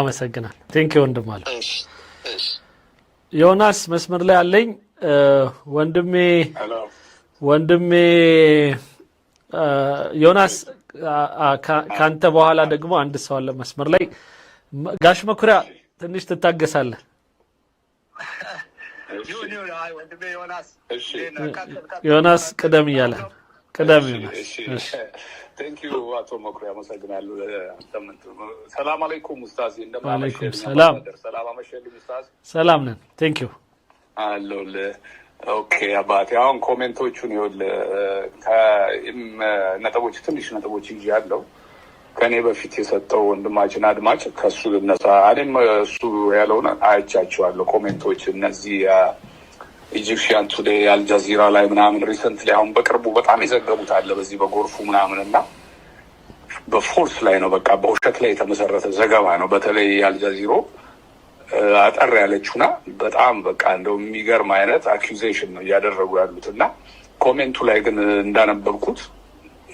አመሰግናል። ቴንክ ወንድም አለ ዮናስ መስመር ላይ አለኝ ወንድሜ ወንድሜ ዮናስ ከአንተ በኋላ ደግሞ አንድ ሰው አለ መስመር ላይ ጋሽ መኩሪያ ትንሽ ትታገሳለህ። ዮናስ ቅደም እያለ ቅዳሜ ቴንክዩ አቶ አመሰግናሉ አመሰግናለሁ። ሰላም አለይኩም ሙስታዝ። እንደማለኩም ሰላም ሰላም አመሸልኝ ሙስታዝ። ሰላም ነን። ቴንክዩ አለሁልህ። ኦኬ አባቴ፣ አሁን ኮሜንቶቹን ይኸውልህ፣ ነጥቦች ትንሽ ነጥቦች እንጂ ያለው ከእኔ በፊት የሰጠው ወንድማችን አድማጭ ከሱ ልነሳ። እኔም እሱ ያለውን አያቻቸዋለሁ ኮሜንቶች እነዚህ ኢጂፕሽያን ቱዴ አልጃዚራ ላይ ምናምን ሪሰንት ላይ አሁን በቅርቡ በጣም የዘገቡት አለ በዚህ በጎርፉ ምናምን እና በፎርስ ላይ ነው በቃ በውሸት ላይ የተመሰረተ ዘገባ ነው። በተለይ አልጃዚሮ አጠር ያለችና በጣም በቃ እንደው የሚገርም አይነት አኪዜሽን ነው እያደረጉ ያሉት እና ኮሜንቱ ላይ ግን እንዳነበብኩት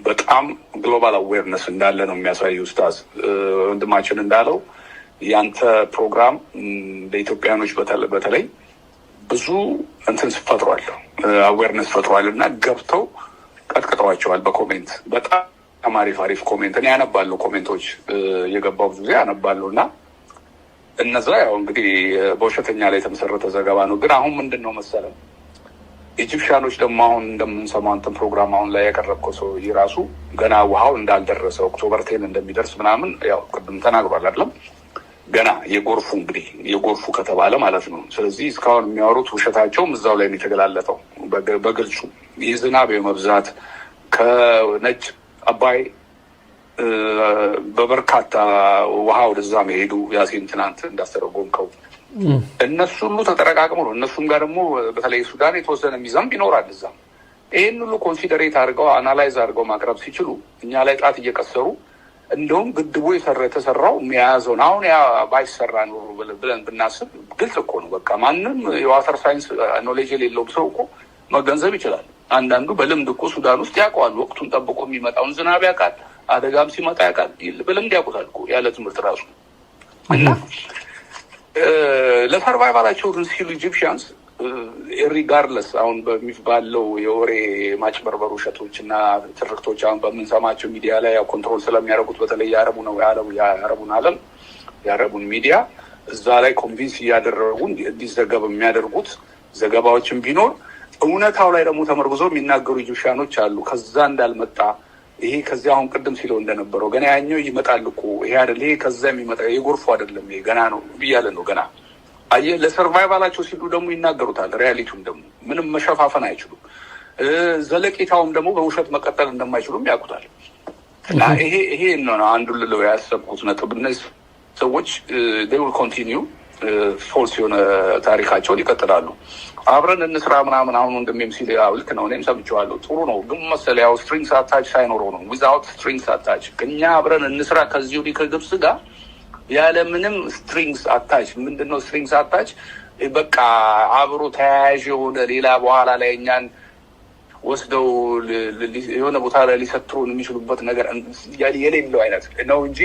በጣም ግሎባል አዌርነስ እንዳለ ነው የሚያሳዩ። ኡስታዝ ወንድማችን እንዳለው ያንተ ፕሮግራም ለኢትዮጵያኖች በተለይ ብዙ እንትን ፈጥሯል፣ አዌርነስ ፈጥሯል እና ገብተው ቀጥቅጠዋቸዋል በኮሜንት በጣም አሪፍ አሪፍ ኮሜንት እኔ ያነባለሁ። ኮሜንቶች የገባው ብዙ ጊዜ ያነባለሁ እና እነዛ ያው እንግዲህ በውሸተኛ ላይ የተመሰረተ ዘገባ ነው። ግን አሁን ምንድን ነው መሰለህ ኢጂፕሽያኖች ደግሞ አሁን እንደምንሰማው እንትን ፕሮግራም አሁን ላይ ያቀረብከው ሰው ራሱ ገና ውሃው እንዳልደረሰ ኦክቶበር ቴን እንደሚደርስ ምናምን ያው ቅድም ተናግሯል አይደለም ገና የጎርፉ እንግዲህ የጎርፉ ከተባለ ማለት ነው። ስለዚህ እስካሁን የሚያወሩት ውሸታቸውም እዛው ላይ የተገላለጠው። በግልጹ የዝናብ የመብዛት ከነጭ አባይ በበርካታ ውሃ ወደዛ መሄዱ ያሴን ትናንት እንዳስተረጎምከው እነሱ ሁሉ ተጠረቃቅሙ ነው። እነሱም ጋር ደግሞ በተለይ ሱዳን የተወሰነ የሚዘንብ ይኖራል እዛም ይህን ሁሉ ኮንሲደሬት አድርገው አናላይዝ አድርገው ማቅረብ ሲችሉ እኛ ላይ ጣት እየቀሰሩ እንደውም ግድቡ የተሰራው የያዘውን አሁን ያ ባይሰራ ኖሮ ብለን ብናስብ ግልጽ እኮ ነው። በቃ ማንም የዋተር ሳይንስ ኖሌጅ የሌለውም ሰው እኮ መገንዘብ ይችላል። አንዳንዱ በልምድ እኮ ሱዳን ውስጥ ያውቀዋል። ወቅቱን ጠብቆ የሚመጣውን ዝናብ ያውቃል። አደጋም ሲመጣ ያውቃል። በልምድ ያውቁታል እኮ ያለ ትምህርት ራሱ እና ለሰርቫይቫላቸው ሲሉ ኢጂፕሽያንስ ሪጋርለስ አሁን ባለው የወሬ ማጭበርበር ውሸቶች እና ትርክቶች አሁን በምንሰማቸው ሚዲያ ላይ ያው ኮንትሮል ስለሚያደርጉት በተለይ የአረቡ ነው የአረቡን አለም የአረቡን ሚዲያ እዛ ላይ ኮንቪንስ እያደረጉ እንዲዘገብ የሚያደርጉት ዘገባዎችን ቢኖር እውነታው ላይ ደግሞ ተመርኩዘው የሚናገሩ ኢጂፕሽያኖች አሉ። ከዛ እንዳልመጣ ይሄ ከዚያ አሁን ቅድም ሲለው እንደነበረው ገና ያኛው ይመጣል እኮ ይሄ አይደል ይሄ ከዛ የሚመጣ የጎርፉ አይደለም ገና ነው ብያለ ነው ገና አየ ለሰርቫይቫላቸው ሲሉ ደግሞ ይናገሩታል። ሪያሊቲውም ደግሞ ምንም መሸፋፈን አይችሉም። ዘለቄታውም ደግሞ በውሸት መቀጠል እንደማይችሉም ያውቁታል። እና ይሄ ይሄ ነው አንዱ ልለው ያሰብኩት ነጥብ። እነዚህ ሰዎች ዴውል ኮንቲኒዩ ፎልስ የሆነ ታሪካቸውን ይቀጥላሉ። አብረን እንስራ ምናምን አሁን ወንድሜም ሲል ልክ ነው፣ እኔም ሰምቼዋለሁ። ጥሩ ነው ግን መሰለ ያው ስትሪንግስ አታች ሳይኖረው ነው ዊዛውት ስትሪንግስ አታች እኛ አብረን እንስራ ከዚሁ ከግብጽ ጋር ያለ ምንም ስትሪንግስ አታች ምንድነው ስትሪንግስ አታች በቃ አብሮ ተያያዥ የሆነ ሌላ በኋላ ላይ እኛን ወስደው የሆነ ቦታ ላይ ሊሰትሩን የሚችሉበት ነገር የሌለው አይነት ነው እንጂ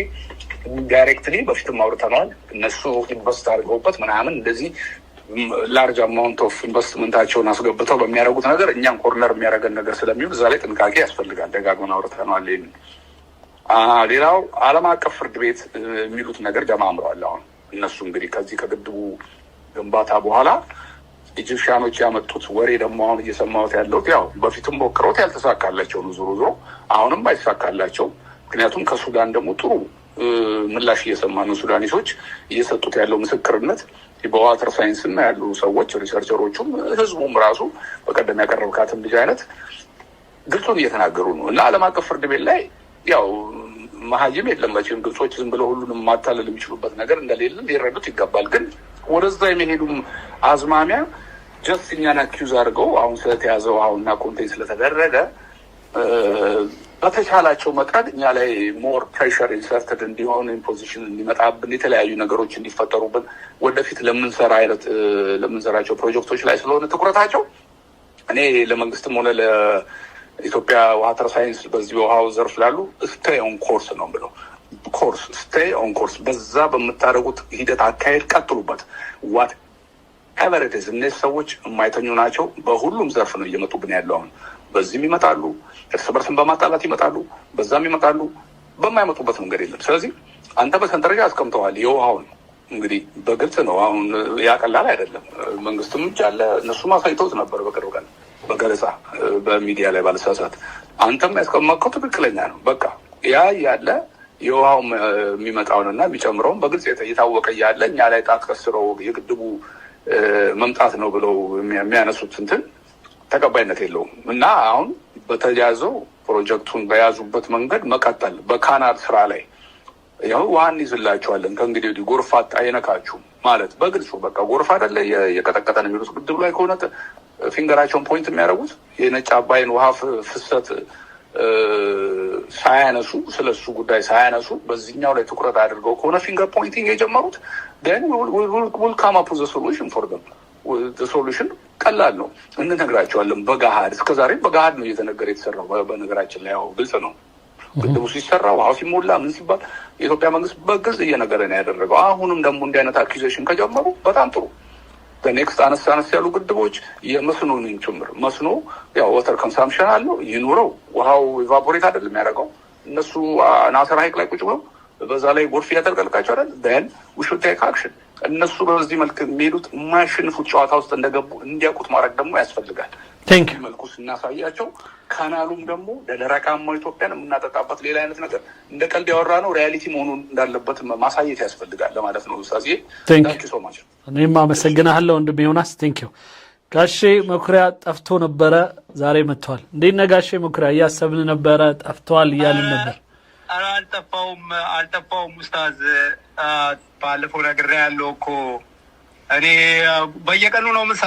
ዳይሬክትሊ በፊትም አውርተነዋል። እነሱ ኢንቨስት አድርገውበት ምናምን እንደዚህ ላርጅ አማውንት ኦፍ ኢንቨስትመንታቸውን አስገብተው በሚያደርጉት ነገር እኛን ኮርነር የሚያደርገን ነገር ስለሚሆን እዛ ላይ ጥንቃቄ ያስፈልጋል። ደጋግመን አውርተነዋል ይህንን ሌላው ዓለም አቀፍ ፍርድ ቤት የሚሉት ነገር ደማምረዋል። አሁን እነሱ እንግዲህ ከዚህ ከግድቡ ግንባታ በኋላ ኢጂፕሽያኖች ያመጡት ወሬ ደግሞ አሁን እየሰማሁት ያለሁት ያው በፊትም ሞክረውት ያልተሳካላቸው ነው። ዞሮ ዞሮ አሁንም አይሳካላቸው። ምክንያቱም ከሱዳን ደግሞ ጥሩ ምላሽ እየሰማ ነው። ሱዳኒሶች እየሰጡት ያለው ምስክርነት በዋተር ሳይንስ እና ያሉ ሰዎች ሪሰርቸሮቹም ህዝቡም ራሱ በቀደም ያቀረብካትን ልጅ አይነት ግልጹን እየተናገሩ ነው እና ዓለም አቀፍ ፍርድ ቤት ላይ ያው መሀይም የለም መቼም ግብጾች ዝም ብለው ሁሉንም ማታለል የሚችሉበት ነገር እንደሌለ ሊረዱት ይገባል። ግን ወደዛ የሚሄዱም አዝማሚያ ጀስት እኛን አኪዩዝ አድርገው አሁን ስለተያዘው አሁንና ኮንቴንት ስለተደረገ በተቻላቸው መጠን እኛ ላይ ሞር ፕሬሽር ኢንሰርትድ እንዲሆን ኢምፖዚሽን እንዲመጣብን የተለያዩ ነገሮች እንዲፈጠሩብን ወደፊት ለምንሰራ አይነት ለምንሰራቸው ፕሮጀክቶች ላይ ስለሆነ ትኩረታቸው እኔ ለመንግስትም ሆነ ኢትዮጵያ ዋተር ሳይንስ በዚህ በውሃው ዘርፍ ላሉ ስቴይ ኦን ኮርስ ነው ብለው ኮርስ ስቴይ ኦን ኮርስ በዛ በምታደርጉት ሂደት አካሄድ ቀጥሉበት። ዋት ኤቨር ኢት ኢዝ እነዚህ ሰዎች የማይተኙ ናቸው። በሁሉም ዘርፍ ነው እየመጡብን ያለው አሁን። በዚህም ይመጣሉ፣ እርስ በርስን በማጣላት ይመጣሉ፣ በዛም ይመጣሉ። በማይመጡበት መንገድ የለም። ስለዚህ አንተ ደረጃ አስቀምጠዋል የውሃውን እንግዲህ በግልጽ ነው አሁን። ያቀላል አይደለም። መንግስትም እጅ አለ። እነሱም አሳይተውት ነበር በቅርብ ቀን በገለጻ በሚዲያ ላይ ባለሳሳት አንተም ያስቀመጥከው ትክክለኛ ነው። በቃ ያ ያለ የውሃው የሚመጣውንና የሚጨምረውን በግልጽ የታወቀ ያለ እኛ ላይ ጣት ቀስረው የግድቡ መምጣት ነው ብለው የሚያነሱት እንትን ተቀባይነት የለውም እና አሁን በተያዘው ፕሮጀክቱን በያዙበት መንገድ መቀጠል በካናል ስራ ላይ ያው ውሃ እንይዝላችኋለን ከእንግዲህ ወዲህ ጎርፍ አይነካችሁም ማለት በግልጹ በቃ ጎርፍ አደለ የቀጠቀጠን የሚሉት ግድብ ላይ ከሆነ ፊንገራቸውን ፖይንት የሚያደርጉት የነጭ አባይን ውሃ ፍሰት ሳያነሱ ስለ እሱ ጉዳይ ሳያነሱ በዚህኛው ላይ ትኩረት አድርገው ከሆነ ፊንገር ፖይንቲንግ የጀመሩት ደን ውልካማ ፑዘ ሶሉሽን ፎር ደም ሶሉሽን ቀላል ነው፣ እንነግራቸዋለን በጋሃድ እስከዛሬ በጋሃድ ነው እየተነገረ የተሰራው። በነገራችን ላይ ያው ግልጽ ነው። ግድቡ ሲሰራ ውሃ ሲሞላ ምን ሲባል የኢትዮጵያ መንግስት በግልጽ እየነገረ ነው ያደረገው። አሁንም ደግሞ እንዲህ አይነት አኪዜሽን ከጀመሩ በጣም ጥሩ በኔክስት አነስ አነስ ያሉ ግድቦች የመስኖንን ጭምር መስኖ ያው ወተር ኮንሳምፕሽን አለው ይኑረው። ውሃው ኢቫፖሬት አይደለም የሚያደርገው እነሱ ናሰር ሀይቅ ላይ ቁጭ ብለው በዛ ላይ ጎርፍ እያጠልቀልቃቸው አይደል ን ውሽቴክ አክሽን እነሱ በዚህ መልክ የሚሄዱት የማያሸንፉት ጨዋታ ውስጥ እንደገቡ እንዲያውቁት ማድረግ ደግሞ ያስፈልጋል። መልኩ ስናሳያቸው ካናሉም ደግሞ ለረቃማ ኢትዮጵያን የምናጠጣበት ሌላ አይነት ነገር እንደ ቀልድ ያወራ ነው ሪያሊቲ መሆኑን እንዳለበት ማሳየት ያስፈልጋል ለማለት ነው። ሳዜ ሶማች እኔም አመሰግናለሁ። ወንድም ዮናስ ቴንክ ጋሼ መኩሪያ ጠፍቶ ነበረ፣ ዛሬ መጥተዋል። እንዴት ነህ ጋሼ መኩሪያ? እያሰብን ነበረ ጠፍተዋል እያልን ነበር። አልጠፋውም አልጠፋውም። ኡስታዝ ባለፈው ነግሬ ያለው እኮ እኔ በየቀኑ ነው ምሳ